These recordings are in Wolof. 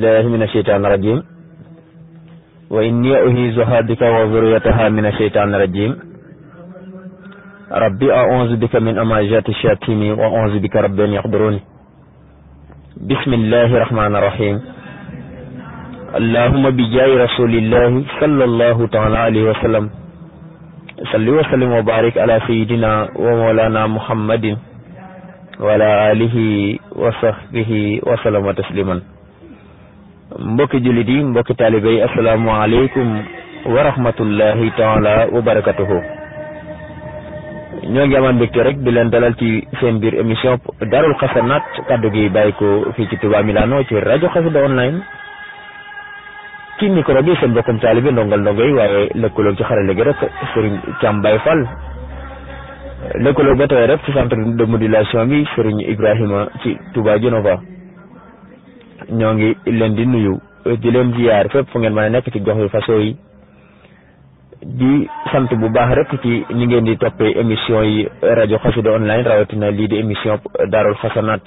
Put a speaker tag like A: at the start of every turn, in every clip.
A: billahi min asheytaan rajim wa inni uhizuha bika wa zuriyataha min asheytaan rajim rabbi aouzu bika min amajati shatimi wa aouzu bika rabbi an yaxduruni bismillahi rahmani rahim allahuma bi jaayi rasulillahi sallallahu taala alayhi wa sallam salli wa sallim wa barik ala sayidina wa mawlana muhammadin wa ala alihi wa sahbihi wa sallama tasliman mbokki jullit yi mbokki taalibe yi asalaamaaleykum wa rahmatullahi taala wa barakatuhu ñoo ngi amaan mbégte rek di leen dalal ci seen biir émission darul xasanaat kàddu gi bàyyi ko fii ci Touba Milano ci rajo xasida online ci micro bi seen bokkum taalibe ndongal ndongoy waaye lëkkaloog ci xarale gi rek Serigne Thiam Baye Fall lëkkaloog ba tey rek ci centre de modulation bi Serigne Ibrahima ci Touba Genova ñoo ngi leen di nuyu di leen ziyaar fépp fu ngeen mën a nekk ci gox yu façon yi di sant bu baax rek ci ñi ngeen di toppee émission yi rajo xasida online rawatina lii di émission daarul xasanaat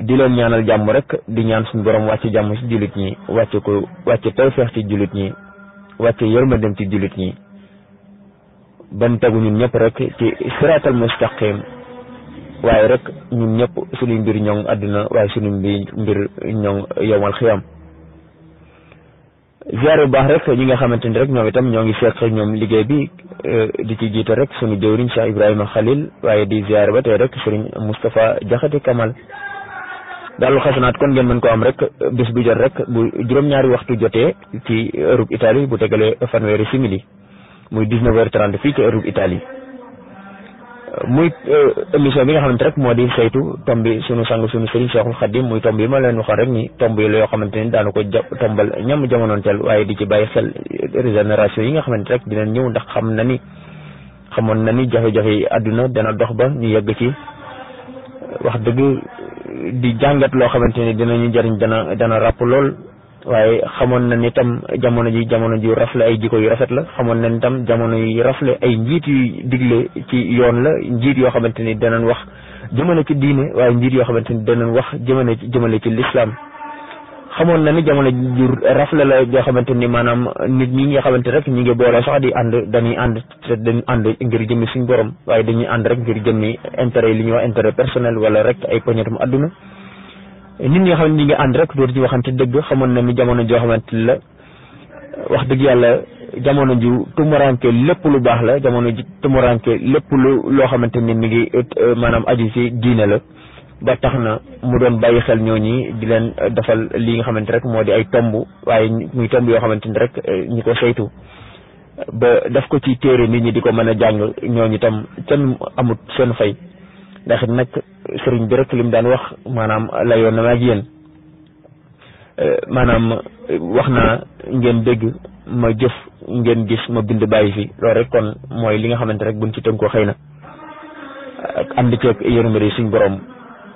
A: di leen ñaanal jàmm rek di ñaan suñu borom wàcc jàmm ci jullit ñi wàcc ko wàcc tawfeex ci jullit ñi wàcc yërmandem ci jullit ñi ban tegu ñun ñëpp rek ci siraatal mustaqim waaye rek ñun ñëpp suñuy mbir ñoŋ àdduna waaye suñu mbir ñoŋ yowmal xiyam ziare bu baax rek ñi nga xamante ni rek ñoom tam ñoo ngi seq ñoom liggéey bi eh, di ci jiita rek suñu jëwriñ Cheikh Ibrahima Khalil waaye di ziare ba tey rek sëriñ Moustapha Jaxate Kamal daalul xasanaat kon ngeen mën ko am rek bés bu jot rek bu juróom-ñaari waxtu jotee ci Europe Italie bu tegalee fanweeri simili muy 19h30 fii ci Europe Italie muy euh, émission bi nga xamante rek moo di saytu tomb bi sunu sang sunu sëriñ Seexul Xadim muy tomb yi ma leen waxoon rek ni tomb yi la yoo xamante ni daanu ko ja tombal ñam jamonoonteel waaye di ci bàyyi xel régénération yi nga xamante rek dina ñëw ndax xam na ni xamoon na ni jafe-jafe yi àdduna dana dox ba ñu yegg ci wax dëgg di jàngat loo xamante ni dinañu jëriñ dana dana ràpp lool waaye xamoon na ni jamono ji jamono ju rafle ay jikko yu rafet la xamoon na ni tam jamono yu rafle ay njiit yu digle ci yoon la njiit yoo xamante ni danañ wax jëmale ci diine waaye njiit yoo xamante ni danañ wax jëmale ci jëmale ci lislaam xamoon na ni jamono ju rafle la yoo xamante ni maanaam nit ñi nga xamante rek ñi ngi boole sax di ànd dañuy ànd te dañuy ànd ngir jëmmi suñ borom waaye dañuy ànd rek ngir jëmmi intérêt yi li ñuy wax intérêt personnel wala rek ay poñetum àdduna nit ñi nga xam ne ñu ngi ànd rek dootu ñu waxante dëgg xamoon na ni jamono joo xamante la wax dëgg yàlla jamono ju tumuranke lépp lu baax la jamono ju tumuranke lépp lu loo xamante ni mi ngi euh, maanaam aju si diine la ba tax na mu doon bàyyi xel ñooñi di leen defal li nga xamante rek moo di ay tomb waaye muy tomb yoo xamante ni rek euh, ñu ko saytu ba daf ko ci téere nit ñi di ko mën a jàng ñooñu tam kenn amut seen fay ndax nag sëriñ bi rek li mu daan wax maanaam layoon na ma ak yéen eh, maanaam wax naa ngeen dëgg ma jëf ngeen gis ma bind bàyyi fii loolu rek kon mooy li nga xamante rek buñ ci tënkoo xëy na ak ànd ceeg yërmande suñ borom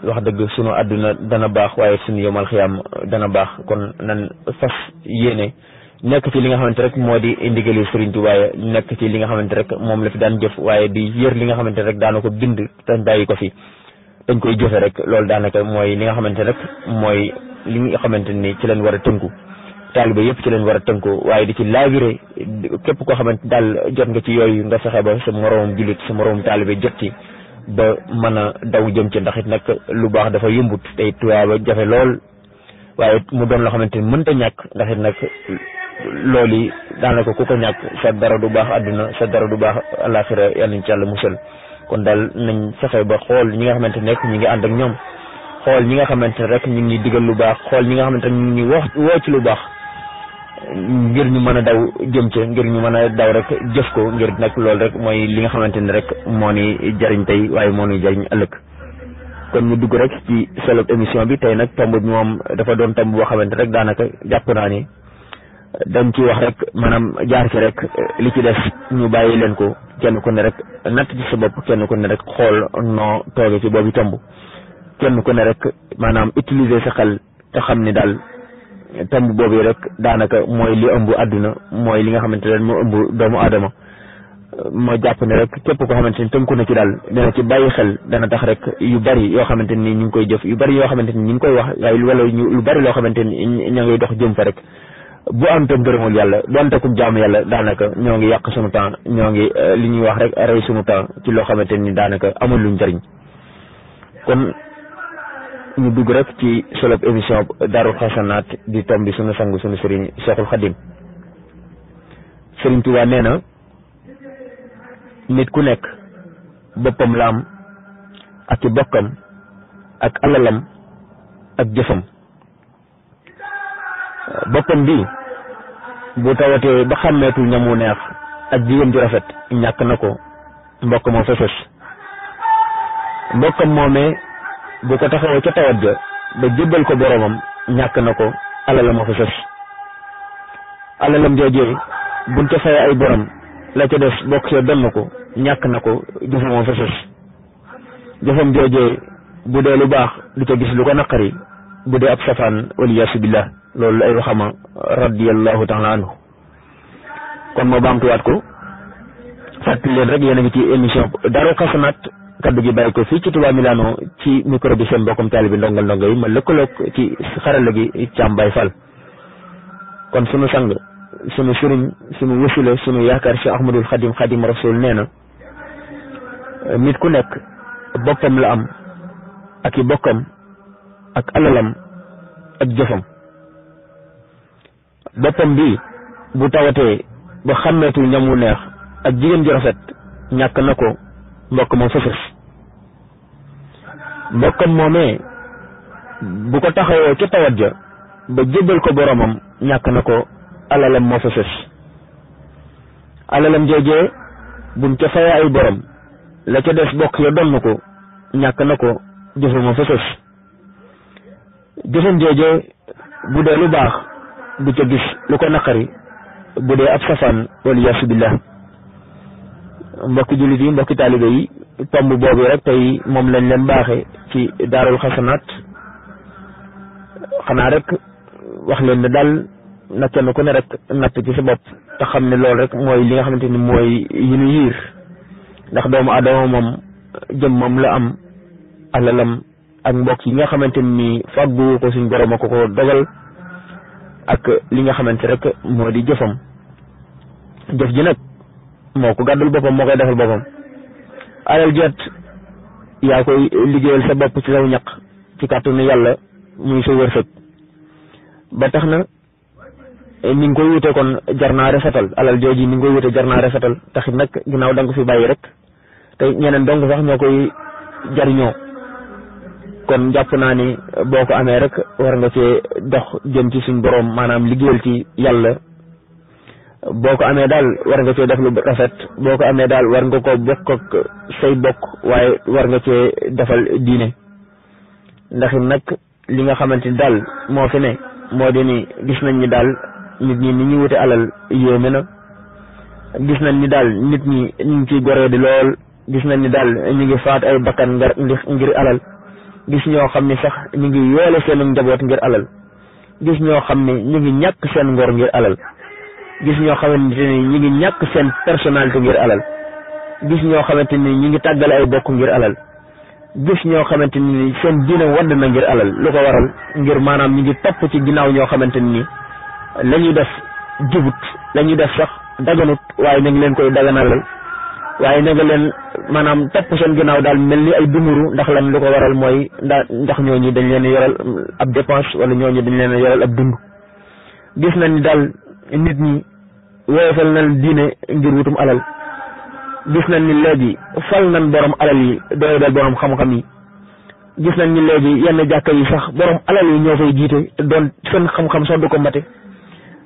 A: wax dëgg sunu àdduna dana baax waaye suñu yomal am dana baax kon nan fas yéene nekk ci li nga xamante rek moo di ndigali Serigne Touba waaye nekk ci li nga xamante rek moom la fi daan jëf waaye di yër li nga xamante rek daana ko bind te bàyyi ko fi dañ koy jëfe rek loolu daanaka mooy li nga xamante rek mooy li nga xamante ni ci leen war a tënku taalibe yëpp ci leen war a tënku waaye di ci laabire képp koo xamante daal jot nga ci yooyu nga fexe ba sa moroomum jullit sa moroomum taalibe jot ci ba mën a daw jëm ci ndax it nag lu baax dafa yombut tey tuyaaba jafe lool waaye mu doon loo xamante ni mënta ñàkk ndax nag loolu yi daanaka ku ko ñàkk sa dara du baax àdduna sa dara du baax alaxira yal nañ ci yàlla musal kon daal nañ fexe ba xool ñi nga xamante ne rek ngi ànd ak ñoom xool ñi nga xamante ne rek ñu ngi digal lu baax xool ñi nga xamante ne ñu ngi wax woo ci lu baax ngir ñu mën a daw jëm ca ngir ñu mën a daw rek jëf ko ngir nag loolu rek mooy li nga xamante ne rek moo ni jariñ tey waaye moo ni jariñ lëkk kon ñu dugg rek ci solo émission bi tey nag tomb bi moom dafa doon tomb boo xamante rek daanaka jàpp naa ni dañ ci wax rek maanaam jaar ci rek li ci def ñu bàyyi leen ko kenn ku ne rek natt ci sa bopp kenn ku ne rek xool noo tooge ci boobu tomb kenn ku ne rek maanaam utiliser sa xel te xam ni daal tomb boobu rek daanaka mooy li ëmb àdduna mooy li nga xamante ne moo ëmb doomu aadama ma jàpp ne rek képp koo xamante ni tënku na ci daal dana ci bàyyi xel dana tax rek yu bari yoo xamante ni ñu ngi koy jëf yu bari yoo xamante ni ñu ngi koy wax waaye wala ñu loo xamante ni ña ngay dox jëm rek bu amte ngërëmul yàlla donte ku jaamu yàlla daanaka ñoo ngi yàq sunu temps ñoo ngi eh, li ñuy wax rek rey sunu temps ci loo xamante ni daanaka amul luñ njëriñ kon ñu dugg rek ci solob émission Daarul Xasanaat di tom bi sunu sang sunu sëriñ Seexul Xadim Sëriñ Tuubaa nee na nit ku nekk boppam laam ak i bokkam ak alalam ak jëfam boppam bi bu tawatee ba xàmmeetul ñamu neex ak jigéen ju rafet ñàkk na ko mbokk moo fa fës mbokkam moomee bu ko taxawoo ca tawat ga ba jébbal ko boromam ñàkk na ko alalam moo fa fës alalam joojee buñ ca fay ay borom la ca des bokk see benn ko ñàkk na ko jëfam moo fa fës jëfam joojee bu dee lu baax du ko gis lu ko naqari bu dee ab safaan waliyaasu billah loolu ay waxama radiyallahu taala anhu kon moo baamtuwaat ko fàttali leen rek yéen a ngi ci émission Daaru Xasanaat kaddu gi bàyyi ko fii ci Touba Milano ci micro bi seen mbokkum taalibi ndongal ndongal yi ma lëkkaloog ci xarala gi Thiam Baye Fall kon sunu sang sunu sëriñ sunu wasila sunu yaakaar Cheikh Ahmadul Xadim Xadim Rasul nee nit ku nekk boppam la am ak i bokkam ak alalam ak jëfam boppam bi bu tawatee ba xàmmeetul ñam wu neex ak jigéen ju rafet ñàkk na ko mbokk moom fafës mbokkam moomee bu ko taxawoo ca tawat ja ba jébbal ko boromam ñàkk na ko alalam moo fafës alalam joojee buñ ca fayee ay borom la ca des bokk ya donn ko ñàkk na ko jëfe moo fafës jëfam joojee bu dee lu baax du ca gis lu ko naqari bu dee ab safaan wala yaasu billah mbokki jullit yi mbokki taalibe yi tomb boobu rek tey moom lañ leen baaxe ci daarul xasanaat xanaa rek wax leen ne daal na kenn ku ne rek natt ci sa bopp xam ne loolu rek mooy li nga xamante ni mooy yi nu yiir ndax doomu adama moom jëmmam la am alalam ak mbokk yi nga xamante ni fàggu ko suñ borom a ko ko dogal ak li nga xamante rek moo di jëfam jëf ji nag moo ko gàddul boppam moo koy defal boppam alal jeet yaa koy liggéeyal sa bopp ci saw ñaq ci kàttanu yàlla muy sa wërsëg ba tax na ni nga koy wute kon jar naa rafetal alal jooji ni nga koy wute jar naa rafetal taxit nag ginnaaw da nga ko fi bàyyi rek te ñeneen dong sax ñoo koy jariñoo kon jàpp naa ni boo ko amee rek war nga cee dox jëm ci suñ boroom maanaam liggéeyal ci yàlla boo ko amee daal war nga cee def lu rafet boo ko amee daal war nga ko bokk ak say bokk waaye war nga cee defal diine ndax nag li nga xamante ni daal moo fi ne moo di ni gis nañ ni daal nit ñi ni ñu wute alal nañ ni daal nit ñi ñu di lool gis nañ ni daal ñu ngi faat ay bakkan ngir ngir alal gis ñoo xam ni sax ñu ngi yoole seen njaboot ngir alal gis ñoo xam ne ñu ngi ñàkk seen ngor ngir alal gis ñoo xamante ñu ngi ñàkk seen personnalité ngir alal gis ñoo xamante ni ñu ngi tàggale ay bokk ngir alal gis ñoo xamante ni seen diina wadd na ngir alal lu ko waral ngir maanaam ñu ngi topp ci ginnaaw ñoo xamante ni la ñuy def jubut la ñuy def sax daganut waaye ñu ngi leen koy daganalal waaye na leen maanaam topp seen ginnaaw daal mel ni ay dumuru ndax lan lu ko waral mooy ndax ndax ñooñu dañ leen yoral ab dépense wala ñooñu dañ leen yoral ab dund gis nañ ni daal nit ñi woyofal nañ diine ngir wutum alal gis na ni léegi fal nañ borom alal yi doy dal borom xam-xam yi gis nañ ni léegi yenn jàkka yi sax borom alal yi ñoo fay jiite doon seen xam-xam sax du ko mate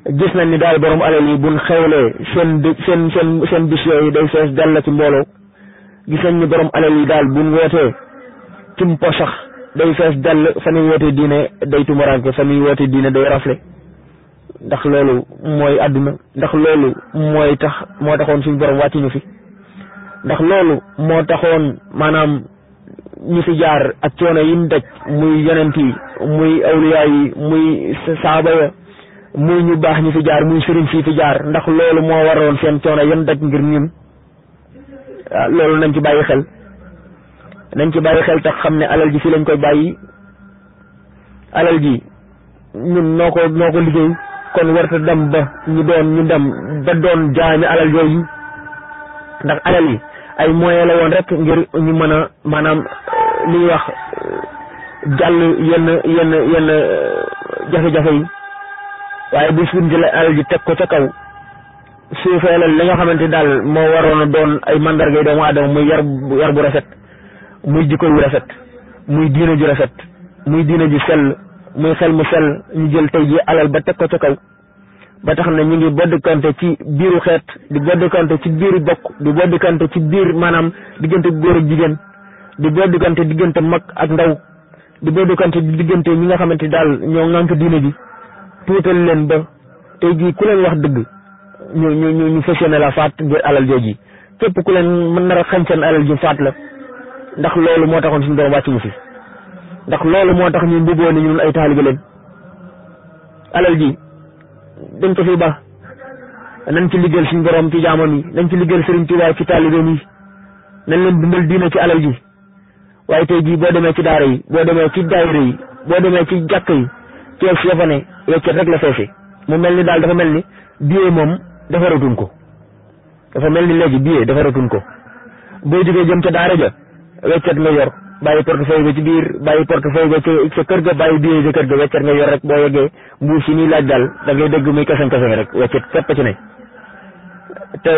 A: gis nañ ni daal borom alal yi buñ xewlee seen seen seen seen bis yooyu day fees dell ci mbooloo gis nañ ni borom alal yi daal bu buñ wootee cumpo sax day fees dell fa ñuy wootee diine day tumuraanke fa ñuy wootee diine day rafle ndax loolu mooy àdduna ndax loolu mooy tax moo taxoon suñu borom wàcc ñu fi ndax loolu moo taxoon maanaam ñu fi jaar ak coono yi ñu daj muy yonent yi muy awliya yi muy saaba ya muy ñu baax ñi fi jaar muy sëriñ fii fi jaar ndax loolu moo waroon seen coono yan daj ngir ñun waaw ah, loolu nañ ci bàyyi xel nañ ci bàyyi xel tax xam ne alal ji fii lañ koy bàyyi alal ji ñun noo ko noo ko liggéey kon warta dem ba ñu doon ñu dem ba doon jaami alal yooyu ndax alal yi ay moyen la woon rek ngir ñu mën a maanaam eh, li wax eh, jàll yenn yenn yenn eh, jafe-jafe yi waaye bu suñ jëlee alal ji teg ko ca kaw suufeelal li nga xamante daal moo waroon a doon ay mandargay doomu aadama muy yar yar bu rafet muy jikko yu rafet muy diina ju rafet muy diina ju sell muy xel mu sell ñu jël tey ji alal ba teg ko ca kaw ba tax na ñu ngi boddikante ci biiru xeet di boddikante ci biiru bokk di boddikante ci biir maanaam diggante góor ak jigéen di boddikante diggante mag ak ndaw di boddikante diggante ñi nga xamante daal ñoo ŋànk diina ji tuutal leen ba tey jii ku leen wax dëgg ñu ñu ñu ñu la faat ngir alal jooji képp ku leen mën nar a xañ seen alal ji faat la ndax loolu moo taxoon suñu doom wàccuñu fi ndax loolu moo tax ñu bëggoon ni ñun ay taalibe leen alal ji dañ ko fi ba nañ ci liggéeyal suñu borom ci jaamam yi nañ ci liggéeyal Sëriñ Tuubaa ci taalibeem yi nañ leen dundal diina ci alal ji waaye tey jii boo demee ci daara yi boo demee ci daayira yi boo demee ci jàkka yi kees ya fa ne weccet rek la feese mu mel ni daal dafa mel ni billet moom defaratuñ ko dafa mel ni léegi billet defaratuñ ko boo jógee jëm ca daara ja weccet nga yor bàyyi portefeuille ba ci biir bàyyi portefeuille ba ca kër ga bàyyi billet ca kër ga weccet nga yor rek boo yeggee mbuus yi nii laaj daal da ngay dégg muy kasan kasan rek weccet képp ci ne te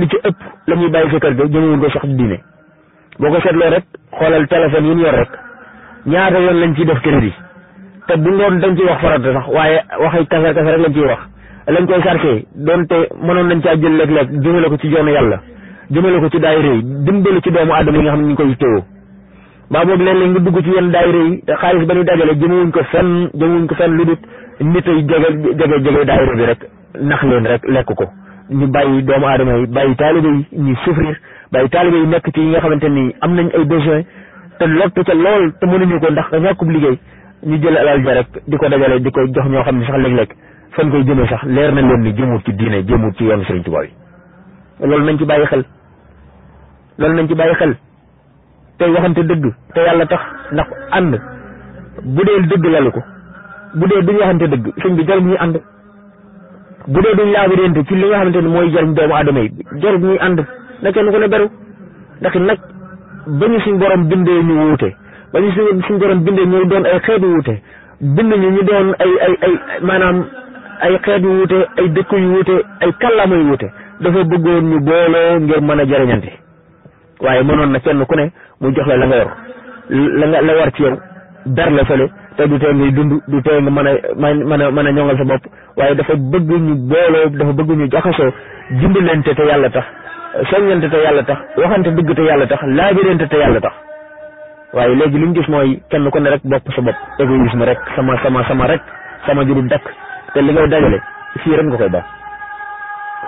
A: li ci ëpp la ñuy bàyyi sa kër ga jëmewuñ ko sax diine boo ko seetloo rek xoolal téléphone yi ñu yor rek ñaata yoon lañ ciy def crédit te bu doon dañ ciy wax farata sax waaye waxi kafe kafe rek lañ ciy wax lañ koy sarkee donte mënoon nañ caa jël léeg-léeg jëmale ko ci yoonu yàlla jëmale ko ci daayira yi dimbali ci doomu aadama yi nga xam ne ñu ngi koy téewoo baa boog léeg-léeg nga dugg ci yenn daayira yi xaalis ba ñuy ko fenn lu dut nit ay jege jege jege bi rek nax leen rek lekk ko ñu bàyyi doomu aadama yi bàyyi taalibe yi ñuy souffrir bàyyi nekk yi nga xamante ni am nañ ay besoin te lottu ca lool te mënuñu ko ndax ñàkkub liggéey ñu jël alal ja rek di ko dajale di koy jox ñoo xam ne sax léeg-léeg fan koy jëmee sax leer na leen ni jëmut ci diine jëmut ci yoonu Sëriñ Tuubaa bi loolu nañ ci bàyyi xel loolu nañ ci bàyyi xel tey waxante dëgg te yàlla tax ndax ànd bu dee dëgg lalu ko bu dee duñ waxante dëgg sëñ bi jarul ñuy ànd bu dee duñ laabirante ci li nga xamante ne mooy jariñ doomu aadama yi jarul ñuy ànd na kenn ku ne beru ndax nag ba ñu suñ borom bindee ñu wuute ba ñu si suñu borom bindee ñu doon ay xeetu wuute bind ñu ñu doon ay ay maanaam ay xeetu wuute ay dëkk yu wuute ay kàllaama yu wuute dafa bëggoon ñu booloo ngir mën a jëriñante waaye mënoon na kenn ku ne mu jox la la nga la nga la war ci yow dar la fële te du tee ngay dund du tee nga mën a mën a mën a ñoŋal sa bopp waaye dafa bëgg ñu booloo dafa bëgg ñu jaxasoo dimbalante te yàlla tax soññante te yàlla tax waxante dëgg te yàlla tax laabirante te yàlla tax. waaye léegi li ñu gis mooy kenn ko ne rek bopp sa bopp égoïsme rek sama sama sama rek sama jurul dakk te li ngay dajale fii rek nga koy baax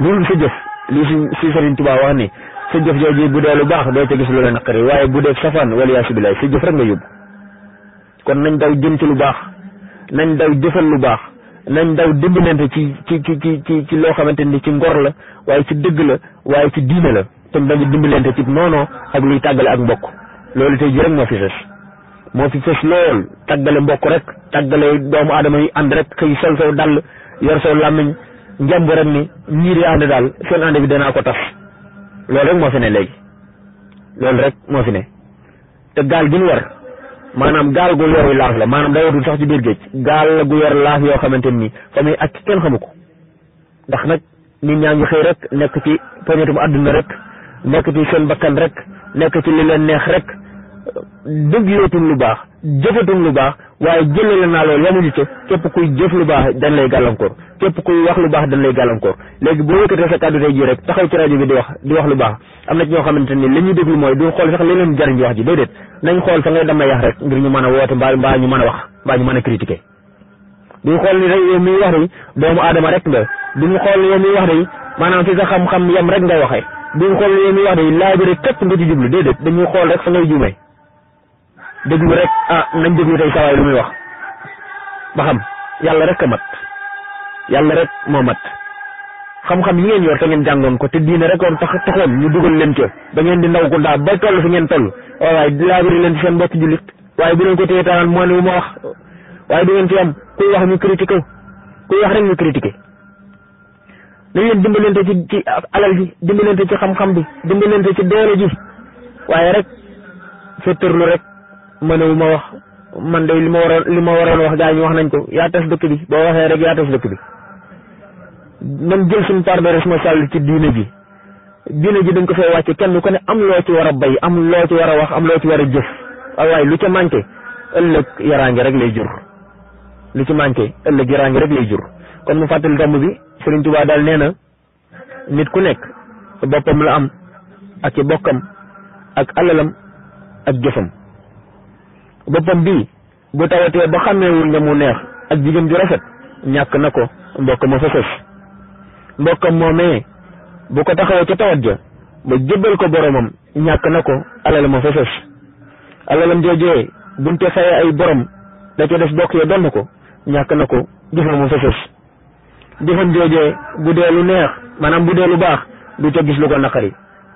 A: loolu sa jëf lii suñ si Sëriñ Tuubaa wax ni sa jëf jooju bu dee lu baax doo ca gis lu la waaye bu dee safaan wala yaa sibilaay sa jëf rek nga yóbbu kon nañ daw jëm ci lu baax nañ daw jëfal lu baax nañ daw dimbalante ci ci ci ci loo xamante ni ci ngor la waaye ci dëgg la waaye ci diine la te dañu dimbalante ci noonoo ak luy tàggale ak mbokk loolu tey jii rek moo fi fës moo fi fës lool tàggale mbokk rek tàggale doomu aadama yi ànd rek xëy sol saw dàll yor saw làmmiñ njàmb rek ni ñiir yi ànd daal seen ànd bi danaa ko tas loolu rek moo fi ne léegi loolu rek moo fi ne te gaal gi ñu war maanaam gaal gu yor laaf la maanaam day watul sax ci biir géej gaal la gu yor laaf yoo xamante ni fa muy ak kenn xamu ko ndax nag nit ñaa ngi xëy rek nekk ci poñetum àdduna rek nekk ci seen bakkan rek nekk ci leen neex rek dëgleetuñ lu baax jëfatuñ lu baax waaye jëlee la naa loolu yamuñu ca képp kuy jëf lu baax dañ lay gàllankoor képp kuy wax lu baax dañ lay gàllankoor léegi boo yëkkatee sa kàddu tey jii rek taxaw ci rajo bi di wax di wax lu baax am na ci ñoo ne ni li ñuy déglu mooy du xool sax leneen jariñ wax ji déedéet nañ xool fa ngay damay yàq rek ngir ñu mën a woote mbaa mbaa ñu mën a wax mbaa ñu mën a critiquer duñ xool ni rek yow miy wax day maanaam fi xam-xam yam rek ngay waxee duñ xool ni yow miy wax day laaj rek képp nga ci jublu déedéet dañuy xool rek fa déglu rek ah nañ déglu tey sawaay lu muy wax ba xam yàlla rek a mat yàlla rek moo mat xam-xam yi ngeen yor te ngeen jàngoon ko te diine rek woon tax taxoon ñu dugal leen ca ba ngeen di ndaw ko ndaa ba toll fi ngeen toll waaye laabiri leen ci seen mbokk waaye bu leen ko téye taanaan moo ne wu ma wax waaye du ngeen ci am kuy wax ñu critiqué kuy wax rek ñu critiqué nañ leen dimbalante ci ci alal ji dimbalante ci xam-xam bi dimbalante ci doole ji waaye rek sa tërlu rek mënewuma wax man de li ma waroon li ma waroon wax gaa ñu wax nañ ko yaa tas dëkk bi boo waxee rek yaa tas dëkk bi nan jël suñu part de ci diine ji diine ji dañ ko fay wàcce kenn ku ne am loo ci war a bay am loo ci war a wax am loo ci war a jëf waaye lu ca manqué ëllëg yaraange rek lay jur lu ci manqué ëllëg yaraange rek lay jur kon mu fàttali dàmm bi Serigne Touba daal nee na nit ku nekk boppam la am ak ci bokkam ak alalam ak jëfam boppam bi bu tawatee ba xàmmeewul ne mu neex ak jigéen ju rafet ñàkk na ko mbokk ma fa sës mbokkam moomee bu ko taxawee ca tawat ja ba jébbal ko boromam ñàkk na ko alal ma fa sës alalam joojee buñ te fayee ay borom da ca des bokk donn ko ñàkk na ko jëfam ma fa sës jëfam joojee bu dee lu neex maanaam bu dee lu baax du ca gis lu ko naqari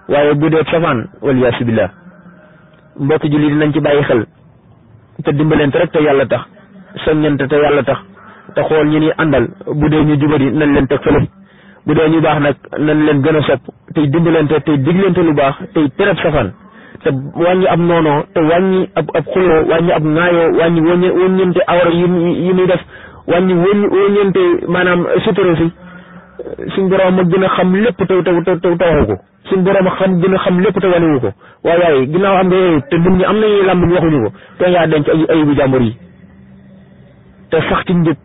A: waaye bu dee safaan wal yaasu billah mbokki jullit nañ ci bàyyi xel te dimbalante rek te yàlla tax soññante te yàlla tax te xool ñu ni àndal bu dee ñu jubadi nañ leen teg fële bu dee ñu baax nag nañ leen gën a sopp tey dimbalante tey diglante lu baax te tereb safan te wàññi ab noonoo te wàññi ab ab xuloo wàññi ab ŋaayoo wàññi wëññe wëññente awra yu yu muy def wàññi wëñ wëññente maanaam sutura si suñ borom ma gën a xam lépp te te te waxu ko suñ borom a xam gën a xam lépp te wanewu ko waaye waaye ginnaaw am nga yooyu te nit ñi am nañuy làmb waxuñu ko te ngaa denc ay ayibu jàmbur yi te sax ci njëkk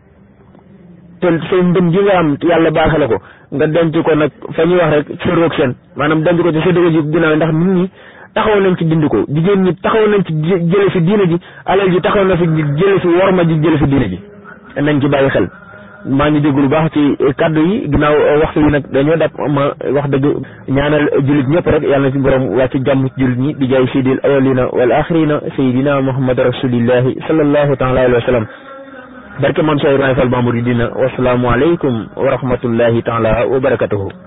A: te say ndëm gi nga am yàlla baaxe ko nga denc ko nag fa ñuy wax rek seen maanaam denc ko ci sa dëgg ji ginnaaw ndax nit ñi taxaw nañ ci dindi ko jigéen ñi taxaw nañ ci jële fi diina ji alal ji taxaw na fi jële fi worma ji jële fi diina ji nañ ci bàyyi xel maa ngi dégg lu baax ci kàddu yi ginnaaw euh, waxtu yi nag dañoo dab ma wax dëgg ñaanal jullit ñëpp rek yàlla na ci borom wàcc jàmm ci jullit ñi di jaay saydil awalina wal axirina saydina muhammad rasulillahi sallallahu taala alihi wa sallam barke man soo Ibrahima Fall Mamour yi dina wasalaamualeykum wa rahmatullahi taala wa barakatuhu